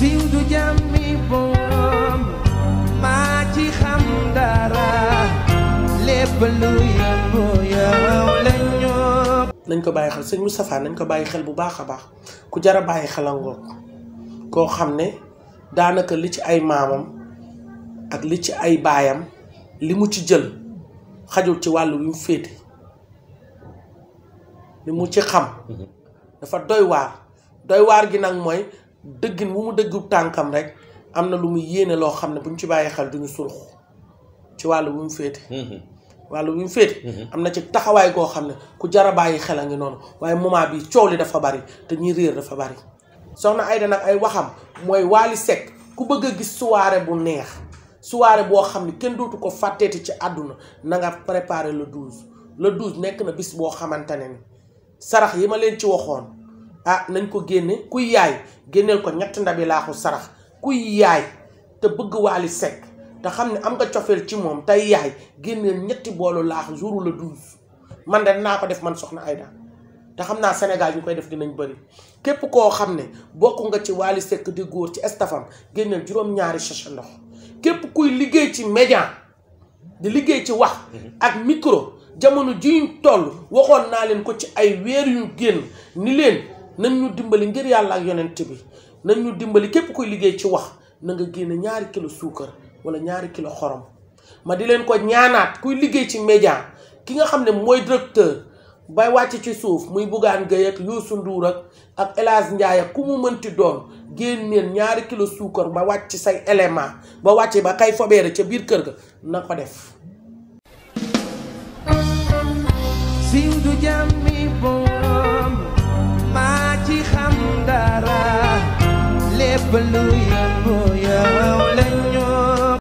siiw du jàmmi boom maa ci xam dara lépp lu yëngu yow la ñoo nañ ko bàyyi xel sëñ Moustapha nañ ko bàyyi xel bu baax a baax ku jar a bàyyi xelangook koo xam ne daanaka li ci ay maamam ak li ci ay baayam li mu ci jël xajul ci wàllu wi mu féete li mu ci xam mm-hmm. dafa doy waar doy waar gi nag mooy dëggin bu mu dëggu tànkam rek am na lu muy yéene loo xam ne bu ñu ci bàyyi xel duñu surux ci wàll bu mu féete mm-hmm. wàllu bu mu féete mm-hmm. am na ci taxawaay goo xam ne ku jara bàyyi xel a ngi noonu waaye moment bi coow li dafa bari te ñuy réer dafa bari soxna Aida nag ay waxam mooy Wally Seck ku bëgg a gis soirée bu neex soirée boo xam ne kenn dootu ko fàtteeti ci àdduna nanga nga préparer la douse la 12 nekk na bis boo xamante ne ni sarax yi ma leen ci waxoon ah nañ ko génne kuy yaay génneel ko ñett ndabi laaxu sarax kuy yaay te bëgg Wally Seck te xam ne am nga cofeel ci moom tey yaay génneel ñetti boolu laax jour le douze man de naa ko def man soxna Aida te xam naa Sénégal ñu koy def dinañ bëri képp koo xam ne bokk nga ci Wally Seck di góor ci estafam génneel juróom-ñaari sachet ndox képp kuy liggéey ci média di liggéey ci wax mhm. ak micro jamono ji ñu toll waxoon naa leen ko ci ay weer yu génn ni leen nañ ñu dimbali ngir yàlla ak yonent bi nañ ñu dimbali képp kuy liggéey ci wax na nga génne ñaari kilo suukar wala ñaari kilo xorom ma di leen ko ñaanaat kuy liggéey ci média ki nga xam ne mooy directeur bay wàcc ci suuf muy bugaan gëy ak Youssou nduur ak ak El Hadj Ndiaye ak ku mu mënti doon génneen ñaari kilo suukar ba wàcc say élément ba wàcc ba kay fobeere ca biir kër ga na ko def du jàmmi Hallelujah, oh Hallelujah.